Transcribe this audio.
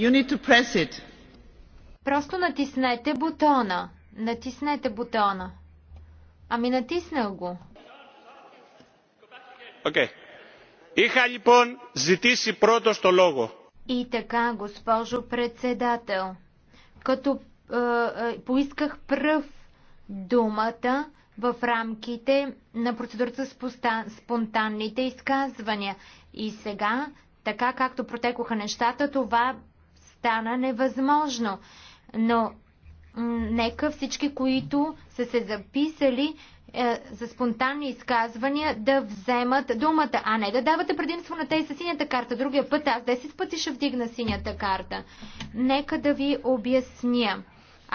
You need to press it. Просто натиснете бутона. Натиснете бутона. Ами натиснал го. Окей. Okay. Είχα λοιπόν ζητήσει πρώτος το лого. И така, госпожо председател, като е, е, поисках пръв думата в рамките на процедурата с спонтанните изказвания. И сега, така както протекоха нещата, това стана невъзможно. Но нека всички, които са се записали е, за спонтанни изказвания, да вземат думата, а не да давате предимство на тези с синята карта. Другия път аз 10 пъти ще вдигна синята карта. Нека да ви обясня.